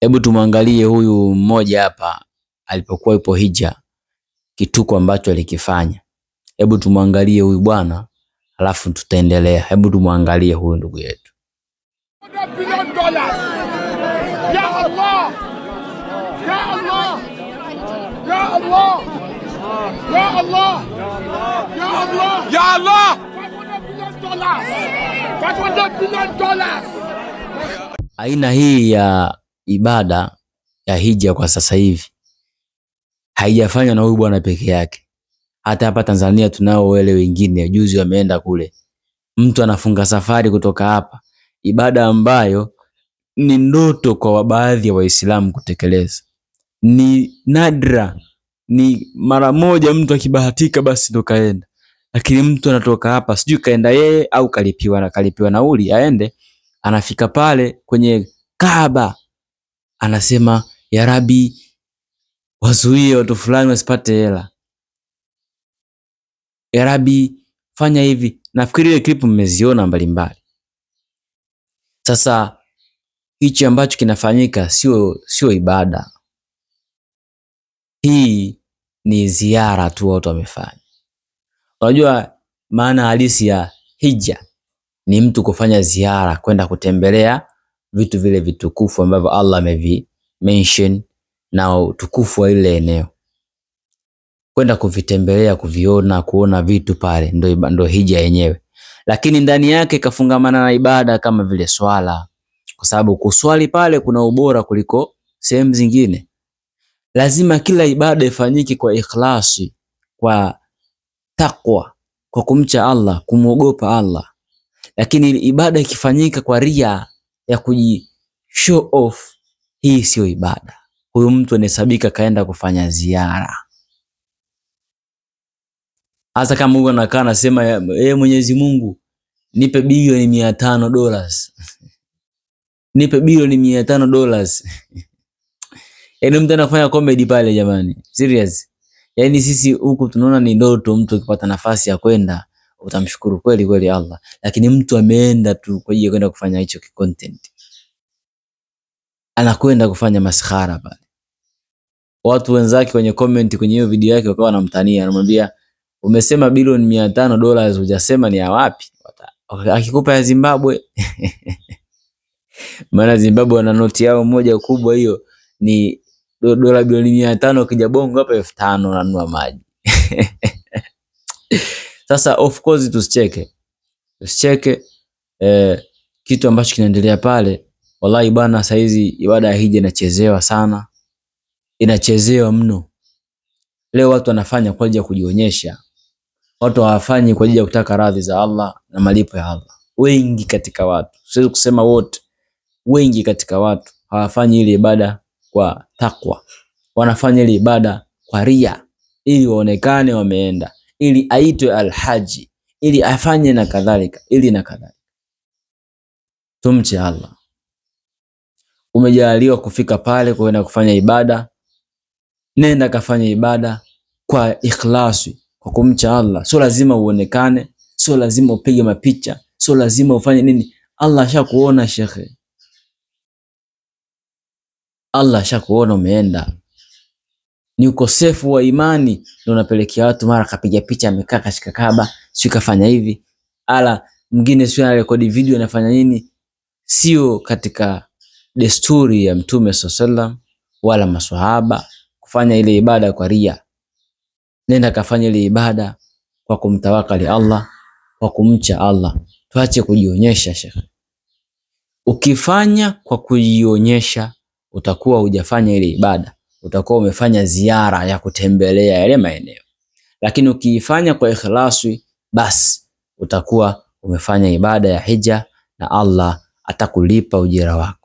Hebu tumwangalie huyu mmoja hapa alipokuwa yupo hija, kituko ambacho alikifanya. Hebu tumwangalie huyu bwana, alafu tutaendelea. Hebu tumwangalie huyu ndugu yetu. Ya Allah, ya Allah, ya Allah, ya Allah, ya Allah, ya Allah, aina hii ya ibada ya hija kwa sasa hivi haijafanywa na huyu bwana peke yake. Hata hapa Tanzania tunao wale wengine, juzi wameenda kule. Mtu anafunga safari kutoka hapa, ibada ambayo ni ndoto kwa baadhi ya wa Waislamu kutekeleza. Ni nadra, ni mara moja mtu akibahatika basi ndo kaenda, lakini mtu anatoka hapa, sijui kaenda yeye au kalipiwa na kalipiwa nauli, aende anafika pale kwenye Kaaba anasema ya Rabi, wazuie watu fulani wasipate hela, ya Rabi fanya hivi. Nafikiri ile clip mmeziona mbalimbali. Sasa hichi ambacho kinafanyika sio sio ibada, hii ni ziara tu watu wamefanya. Unajua maana halisi ya hija ni mtu kufanya ziara, kwenda kutembelea vitu vile vitukufu ambavyo Allah amevi mention na utukufu wa ile eneo. Kwenda kuvitembelea, kuviona, kuona vitu pale ndo, ndo hija yenyewe, lakini ndani yake kafungamana na ibada kama vile swala, kwa sababu kuswali pale kuna ubora kuliko sehemu zingine. Lazima kila ibada ifanyike kwa ikhlasi, kwa takwa, kwa kumcha Allah, kumwogopa Allah, lakini ibada ikifanyika kwa ria ya kuji show off, hii sio ibada. Huyu mtu anahesabika kaenda kufanya ziara, hasa kama huyu anakaa anasema yeye, eh, Mwenyezi Mungu nipe bilioni mia tano dollars nipe bilioni mia tano dollars yani mtu anafanya comedy pale jamani, serious. Yani sisi huku tunaona ni ndoto, mtu akipata nafasi ya kwenda utamshukuru kweli kweli Allah, lakini mtu ameenda tu kwa hiyo kwenda kufanya hicho content, anakwenda kufanya maskhara pale. Watu wenzake kwenye comment kwenye hiyo video yake wakawa wanamtania, anamwambia umesema bilioni mia tano dollars, hujasema ni ya wapi? Akikupa ya Zimbabwe maana Zimbabwe wana noti yao moja kubwa, hiyo ni dola bilioni mia tano. Ukija bongo hapa elfu tano unanunua maji Sasa of course tusicheke, tusicheke eh, kitu ambacho kinaendelea pale. Wallahi bana, saizi ibada ya hija inachezewa sana, inachezewa mno. Leo watu wanafanya kwa ajili ya kujionyesha, watu hawafanyi kwa ajili ya kutaka radhi za Allah na malipo ya Allah. Wengi katika watu, siwezi kusema wote, wengi katika watu hawafanyi ile ibada kwa takwa, wanafanya ile ibada kwa ria, ili waonekane wameenda ili aitwe alhaji, ili afanye na kadhalika, ili na kadhalika. Tumche Allah. Umejaliwa kufika pale kwenda kufanya ibada, nenda kafanya ibada kwa ikhlasi, kwa kumcha Allah. Sio lazima uonekane, sio lazima upige mapicha, sio lazima ufanye nini. Allah ashakuona shekhe, Allah ashakuona umeenda ni ukosefu wa imani ndio unapelekea watu mara kapiga picha amekaa kashika kaba, sio kafanya hivi, ala mwingine sio anarekodi video anafanya nini. Sio katika desturi ya Mtume SAW wala maswahaba kufanya ile ibada kwa ria. Nenda kafanya ile ibada kwa kumtawakali Allah, kwa kumcha Allah. Tuache kujionyesha shekhe. Ukifanya kwa kujionyesha utakuwa hujafanya ile ibada utakuwa umefanya ziara ya kutembelea yale maeneo, lakini ukiifanya kwa ikhlasi, basi utakuwa umefanya ibada ya hija na Allah atakulipa ujira wako.